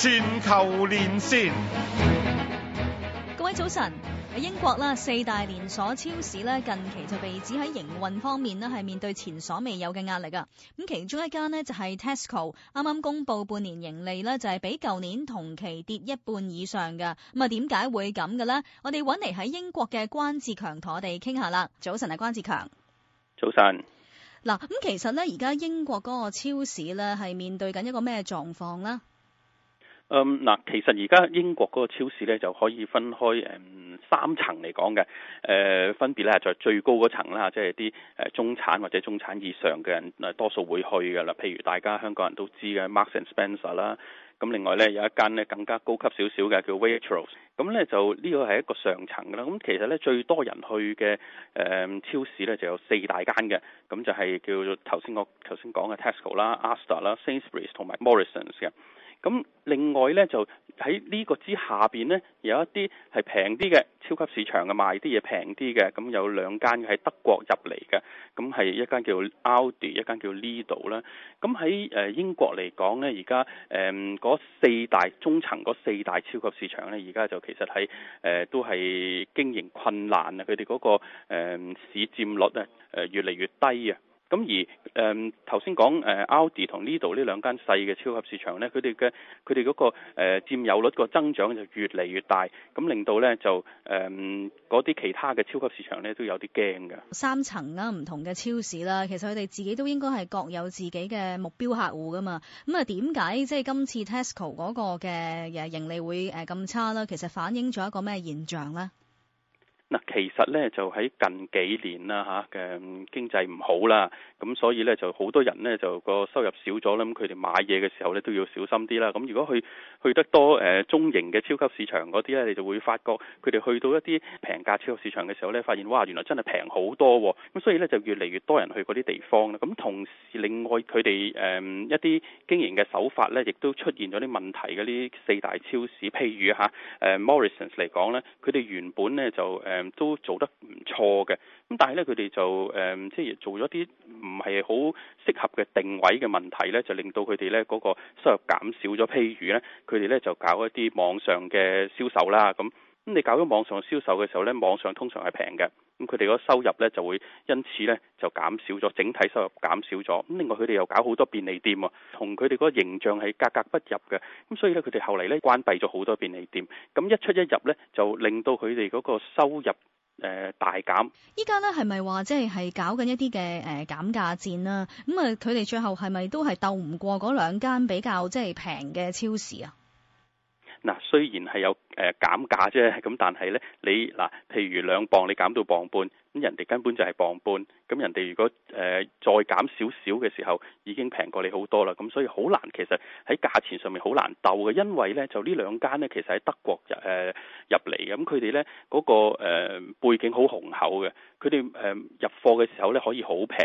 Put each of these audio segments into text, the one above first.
全球連線，各位早晨。喺英國啦，四大連鎖超市咧近期就被指喺營運方面咧係面對前所未有嘅壓力噶。咁其中一間呢，就係 Tesco，啱啱公布半年盈利咧就係比舊年同期跌一半以上嘅。咁啊，點解會咁嘅咧？我哋搵嚟喺英國嘅關志強同我哋傾下啦。早晨啊，關志強，早晨。嗱，咁其實咧，而家英國嗰個超市咧係面對緊一個咩狀況咧？嗯，嗱，其實而家英國嗰個超市咧就可以分開誒、嗯、三層嚟講嘅，誒、呃、分別咧就係、是、最高嗰層啦，即係啲誒中產或者中產以上嘅人，多數會去嘅啦。譬如大家香港人都知嘅 Marks and Spencer 啦，咁另外咧有一間咧更加高級少少嘅叫 Waitrose，咁咧就呢個係一個上層嘅啦。咁、嗯、其實咧最多人去嘅誒、嗯、超市咧就有四大間嘅，咁就係叫做頭先我頭先講嘅 Tesco 啦、Asda 啦、Sainsbury's 同埋 Morrisons 嘅。咁另外呢，就喺呢個之下邊呢，有一啲係平啲嘅超級市場嘅賣啲嘢平啲嘅，咁有兩間係德國入嚟嘅，咁係一間叫 Aldi，一間叫 Lidl 啦。咁喺英國嚟講呢，而家嗰四大中層嗰四大超級市場呢，而家就其實係誒、呃、都係經營困難啊，佢哋嗰個、嗯、市佔率咧越嚟越低啊。咁而誒頭先講 Aldi 同 Lidl 呢兩間細嘅超級市場咧，佢哋嘅佢哋嗰個占、呃、佔有率個增長就越嚟越大，咁令到咧就嗰啲、呃、其他嘅超級市場咧都有啲驚㗎，三層啦、啊，唔同嘅超市啦、啊，其實佢哋自己都應該係各有自己嘅目標客戶噶嘛。咁啊點解即係今次 Tesco 嗰個嘅盈利會咁差啦？其實反映咗一個咩現象咧？嗱，其實咧就喺近幾年啦嚇嘅經濟唔好啦，咁所以咧就好多人咧就個收入少咗啦，咁佢哋買嘢嘅時候咧都要小心啲啦。咁如果去去得多誒、呃、中型嘅超級市場嗰啲咧，你就會發覺佢哋去到一啲平價超級市場嘅時候咧，發現哇原來真係平好多喎、啊。咁所以咧就越嚟越多人去嗰啲地方啦。咁同時另外佢哋誒一啲經營嘅手法咧，亦都出現咗啲問題，嗰啲四大超市，譬如下誒、啊、Morrison 嚟講咧，佢哋原本咧就、呃都做得唔錯嘅，咁但係呢，佢哋就誒即係做咗啲唔係好適合嘅定位嘅問題呢，呢就令到佢哋呢嗰個收入減少咗。譬如呢，佢哋呢就搞一啲網上嘅銷售啦，咁、嗯。咁你搞咗網上銷售嘅時候呢，網上通常係平嘅，咁佢哋嗰個收入呢就會因此呢就減少咗，整體收入減少咗。咁另外佢哋又搞好多便利店喎，同佢哋嗰個形象係格格不入嘅，咁所以呢，佢哋後嚟呢關閉咗好多便利店。咁一出一入呢，就令到佢哋嗰個收入誒大減。依家呢，係咪話即係係搞緊一啲嘅誒減價戰啦？咁啊，佢哋最後係咪都係鬥唔過嗰兩間比較即係平嘅超市啊？嗱，雖然係有誒減價啫，咁但係咧，你嗱，譬如兩磅你減到磅半，咁人哋根本就係磅半，咁人哋如果誒再減少少嘅時候，已經平過你好多啦。咁所以好難，其實喺價錢上面好難鬥嘅，因為咧就呢兩間咧，其實喺德國入誒、呃、入嚟咁，佢哋咧嗰個、呃、背景好雄厚嘅，佢哋誒入貨嘅時候咧可以好平。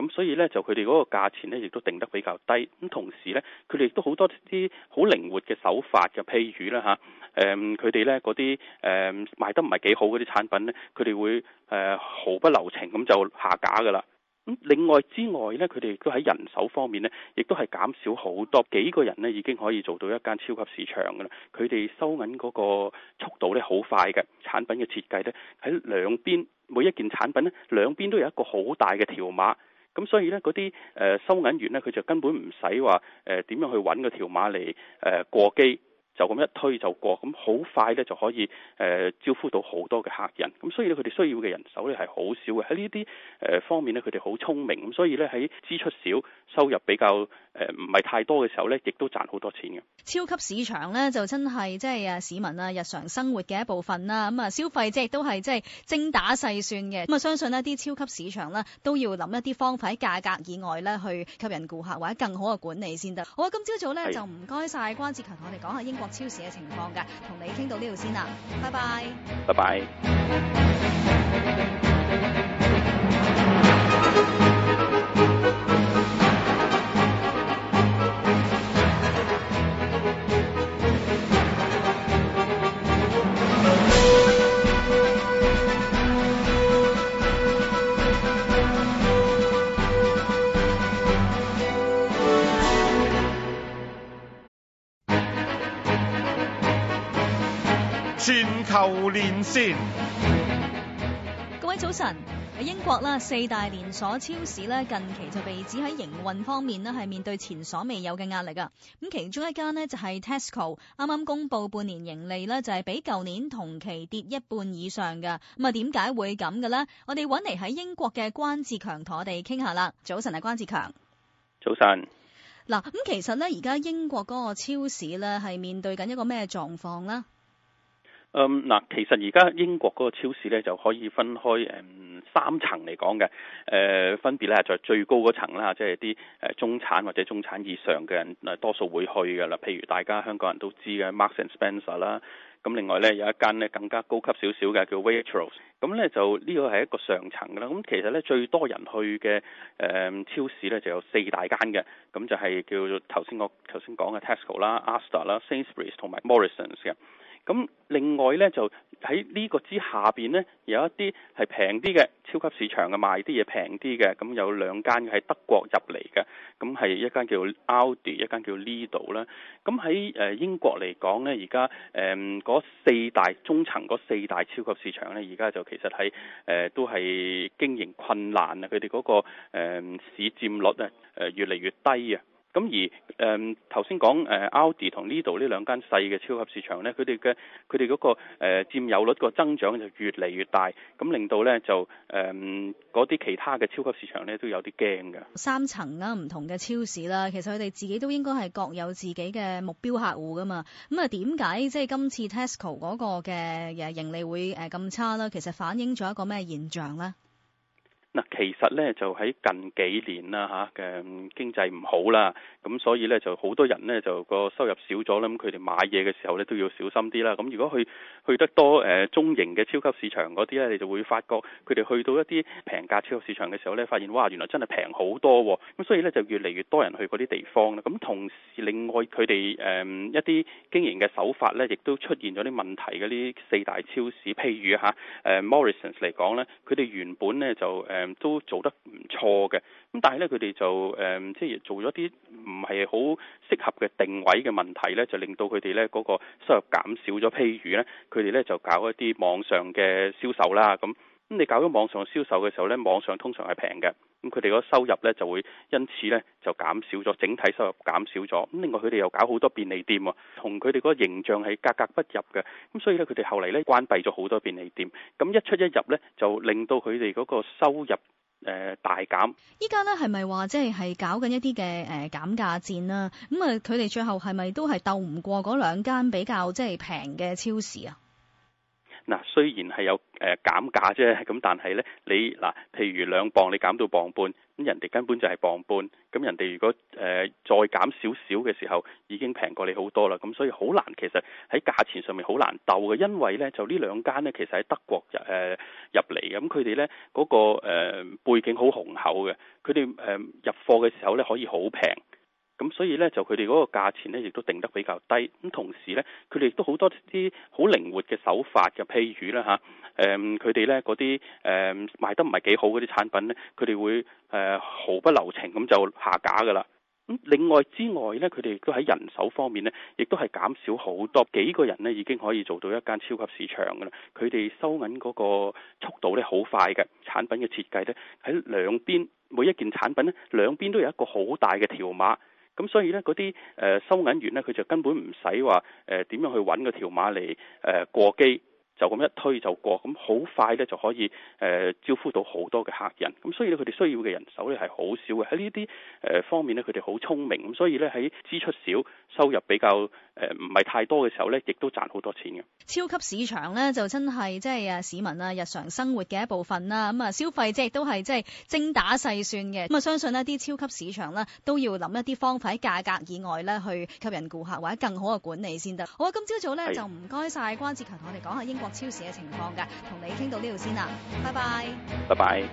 咁所以呢，就佢哋嗰個價錢呢，亦都定得比較低。咁同時呢，佢哋亦都好多啲好靈活嘅手法嘅，譬如咧嚇，誒佢哋呢嗰啲誒賣得唔係幾好嗰啲產品呢，佢哋會誒、啊、毫不留情咁就下架噶啦。咁另外之外呢，佢哋都喺人手方面呢，亦都係減少好多幾個人呢已經可以做到一間超級市場噶啦。佢哋收銀嗰個速度呢，好快嘅，產品嘅設計呢，喺兩邊每一件產品呢，兩邊都有一個好大嘅條碼。咁所以咧，嗰啲誒收銀員咧，佢就根本唔使話誒點樣去揾個條碼嚟誒過機。就咁一推就過，咁好快咧就可以誒、呃、招呼到好多嘅客人，咁所以咧佢哋需要嘅人手咧係好少嘅，喺呢啲誒方面咧佢哋好聰明，咁所以咧喺支出少、收入比較誒唔係太多嘅時候咧，亦都賺好多錢嘅。超級市場咧就真係即係啊市民啊日常生活嘅一部分啦、啊，咁、嗯、啊消費即係都係即係精打細算嘅，咁、嗯、啊相信呢、啊、啲超級市場咧都要諗一啲方法喺價格以外咧去吸引顧客或者更好嘅管理先得。好啊，今朝早咧就唔該晒關志強，同我哋講下英國超市嘅情況㗎，同你傾到呢度先啦，拜拜，拜拜。全球連線，各位早晨。喺英國啦，四大連鎖超市咧近期就被指喺營運方面咧係面對前所未有嘅壓力㗎。咁其中一間呢，就係 Tesco，啱啱公布半年盈利咧就係比舊年同期跌一半以上嘅。咁啊，點解會咁嘅咧？我哋揾嚟喺英國嘅關志強同我哋傾下啦。早晨，係關志強。早晨。嗱，咁其實咧，而家英國嗰個超市咧係面對緊一個咩狀況咧？嗯嗱，其實而家英國嗰個超市咧就可以分開誒、嗯、三層嚟講嘅，誒、呃、分別咧在、就是、最高嗰層啦，即係啲誒中產或者中產以上嘅人多數會去嘅啦。譬如大家香港人都知嘅 Marks and Spencer 啦，咁另外咧有一間咧更加高級少少嘅叫 Waitrose，咁咧就呢個係一個上層啦。咁、嗯、其實咧最多人去嘅誒、嗯、超市咧就有四大間嘅，咁就係叫做頭先我頭先講嘅 Tesco 啦、Asda 啦、Sainsbury 同埋 Morrisons 嘅。咁另外呢，就喺呢個之下邊呢，有一啲係平啲嘅超級市場嘅賣啲嘢平啲嘅，咁有兩間喺德國入嚟嘅，咁係一間叫 Aldi，一間叫 Lidl 啦。咁喺誒英國嚟講呢，而家誒嗰四大中層嗰四大超級市場呢，而家就其實係誒、呃、都係經營困難啊，佢哋嗰個、嗯、市佔率咧誒越嚟越低啊。咁而誒頭先講誒 Aldi 同 Lidl 呢兩間細嘅超級市場咧，佢哋嘅佢哋嗰個占、呃、佔有率個增長就越嚟越大，咁令到咧就嗰啲、呃、其他嘅超級市場咧都有啲驚㗎。三層啦、啊，唔同嘅超市啦，其實佢哋自己都應該係各有自己嘅目標客戶㗎嘛。咁啊點解即係今次 Tesco 嗰個嘅盈利會咁差啦？其實反映咗一個咩現象咧？嗱，其實咧就喺近幾年啦嚇嘅經濟唔好啦，咁所以咧就好多人咧就個收入少咗啦，咁佢哋買嘢嘅時候咧都要小心啲啦。咁如果去去得多誒、呃、中型嘅超級市場嗰啲咧，你就會發覺佢哋去到一啲平價超級市場嘅時候咧，發現哇原來真係平好多喎、啊。咁所以咧就越嚟越多人去嗰啲地方啦。咁同時另外佢哋誒一啲經營嘅手法咧，亦都出現咗啲問題，嗰啲四大超市，譬如嚇誒、啊、Morrison 嚟講咧，佢哋原本咧就、呃都做得唔錯嘅，咁但係呢佢哋就誒即係做咗啲唔係好適合嘅定位嘅問題呢就令到佢哋呢嗰個收入減少咗。譬如呢，佢哋呢就搞一啲網上嘅銷售啦，咁。咁你搞咗網上銷售嘅時候呢，網上通常係平嘅，咁佢哋嗰個收入呢就會因此呢就減少咗，整體收入減少咗。咁另外佢哋又搞好多便利店喎，同佢哋嗰個形象係格格不入嘅，咁所以呢，佢哋後嚟呢關閉咗好多便利店。咁一出一入呢，就令到佢哋嗰個收入誒大減。依家呢，係咪話即係係搞緊一啲嘅誒減價戰啦、啊？咁啊佢哋最後係咪都係鬥唔過嗰兩間比較即係平嘅超市啊？嗱、啊，雖然係有誒、呃、減價啫，咁但係咧，你嗱、啊，譬如兩磅你減到磅半，咁人哋根本就係磅半，咁人哋如果誒、呃、再減少少嘅時候，已經平過你好多啦。咁所以好難，其實喺價錢上面好難鬥嘅，因為咧就這兩呢兩間咧其實喺德國入誒、呃、入嚟嘅，咁佢哋咧嗰個、呃、背景好雄厚嘅，佢哋誒入貨嘅時候咧可以好平。咁所以呢，就佢哋嗰個價錢呢，亦都定得比較低。咁同時呢，佢哋亦都好多啲好靈活嘅手法嘅，譬如啦，嚇、啊、誒。佢哋呢嗰啲誒賣得唔係幾好嗰啲產品呢，佢哋會誒、啊、毫不留情咁就下架㗎啦。咁另外之外呢，佢哋都喺人手方面呢，亦都係減少好多，幾個人呢已經可以做到一間超級市場㗎啦。佢哋收銀嗰個速度呢，好快嘅，產品嘅設計呢，喺兩邊每一件產品呢，兩邊都有一個好大嘅條碼。咁所以呢，嗰啲誒收銀員呢，佢就根本唔使話誒點樣去揾個條碼嚟誒、呃、過機。就咁一推就過，咁好快咧就可以誒招呼到好多嘅客人，咁所以咧佢哋需要嘅人手咧係好少嘅。喺呢啲誒方面咧佢哋好聰明，咁所以咧喺支出少、收入比較誒唔係太多嘅時候咧，亦都賺好多錢嘅。超級市場咧就真係即係啊市民啊日常生活嘅一部分啦，咁啊消費即係都係即係精打細算嘅，咁啊相信呢、啊、啲超級市場咧都要諗一啲方法喺價格以外咧去吸引顧客或者更好嘅管理先得。好啊，今朝早咧就唔該晒關志強，我哋講下英國。超市嘅情況㗎，同你傾到呢度先啦，拜拜，拜拜。